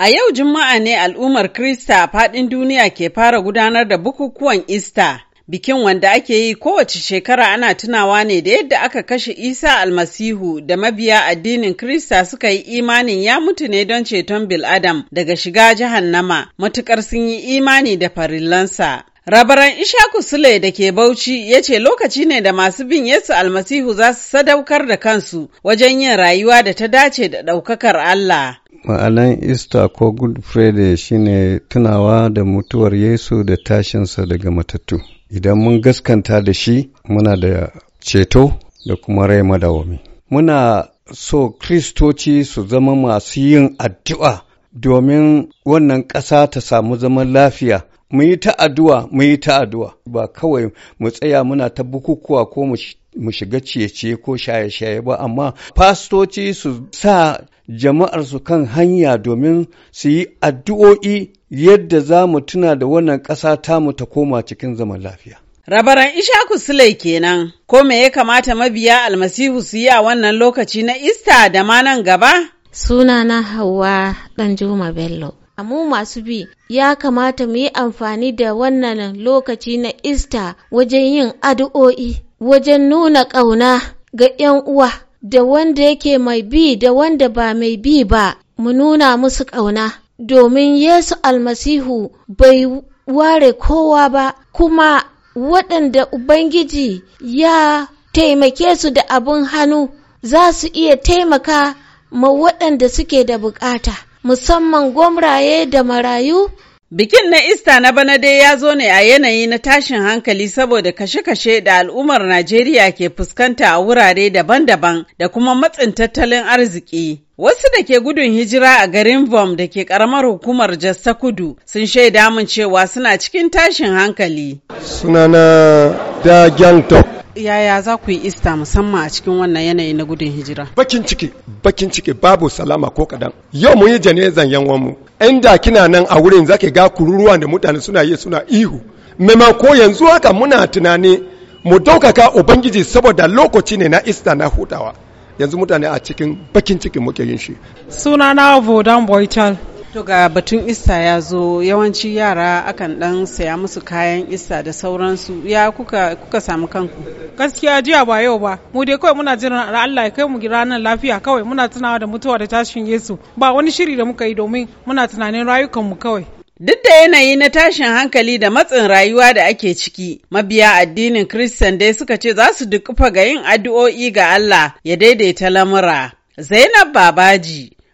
A yau Juma'a ne al'ummar Krista a faɗin duniya ke fara gudanar da bukukuwan Ista. Bikin wanda ake yi kowace shekara ana tunawa ne da yadda aka kashe Isa almasihu da mabiya addinin Krista suka yi imanin ya mutu ne don ceton Bil'adam daga shiga jahannama matukar sun yi imani da farillansa. Rabaran Ishaku Sule da ke Bauchi ya ce lokaci ne da masu bin Yesu almasihu za su sadaukar da kansu wajen yin rayuwa da ta dace da ɗaukakar Allah. Ma'anan Ista ko Good Friday shine tunawa da mutuwar Yesu da tashinsa daga matattu. Idan mun gaskanta da shi muna da ceto da kuma rai madawami. Muna so Kristoci su zama masu yin addu'a domin wannan ƙasa ta samu zaman lafiya. Mu yi ta addu'a, mu yi ta addu'a. Ba kawai mu tsaya muna ta bukukuwa ko mu shiga ciye-ciye ko shaye-shaye ba, amma fastoci su sa jama'arsu kan hanya domin su yi addu'o'i yadda za mu tuna da wannan ƙasa ta mu ta koma cikin zaman lafiya. Rabaran Ishaku Sulai kenan, ko me ya kamata mabiya almasihu su yi a wannan lokaci na Ista da ma nan gaba? Sunana Hauwa Ɗanjuma Bello. mu masu bi ya kamata mu yi amfani da wannan lokaci na ista wajen yin addu'o'i wajen nuna ƙauna ga 'yan uwa da wanda yake mai bi da wanda ba mai bi ba mu nuna musu ƙauna domin Yesu almasihu bai ware kowa ba kuma waɗanda Ubangiji ya taimake su da abin hannu za su iya taimaka ma waɗanda suke da bukata musamman gwamraye da marayu Bikin na Ista na bana dai ya zo ne a yanayi na tashin hankali saboda kashe-kashe da al'ummar Najeriya ke fuskanta a wurare daban-daban da kuma matsin tattalin arziki. Wasu da ke gudun hijira a garin Vom da ke karamar hukumar Jos ta Kudu sun shaida mun cewa suna cikin tashin hankali. Sunana da yaya za ku yi ista musamman a cikin wannan yanayi na gudun hijira bakin ciki bakin ciki babu salama ko kadan yau mun yi janezan yanwan mu inda kina nan a wurin za ga kururuwan da mutane suna yi suna ihu maimako yanzu haka muna tunani mu daukaka ubangiji saboda lokaci ne na ista na hutawa yanzu mutane a cikin bakin ciki muke yin shi sunana vodan boital To ga batun isa ya zo yawanci yara akan dan saya musu kayan isa da sauransu ya kuka samu kanku. Gaskiya jiya ba yau ba mu dai kawai muna jiran Allah ya kai mu ranar lafiya kawai muna tunawa da mutuwa da tashin Yesu ba wani shiri da muka yi domin muna tunanin rayukan mu kawai. Duk da yanayi na tashin hankali da matsin rayuwa da ake ciki, mabiya addinin Kiristan dai suka ce za su dukufa ga yin addu'o'i ga Allah ya daidaita lamura. Zainab Babaji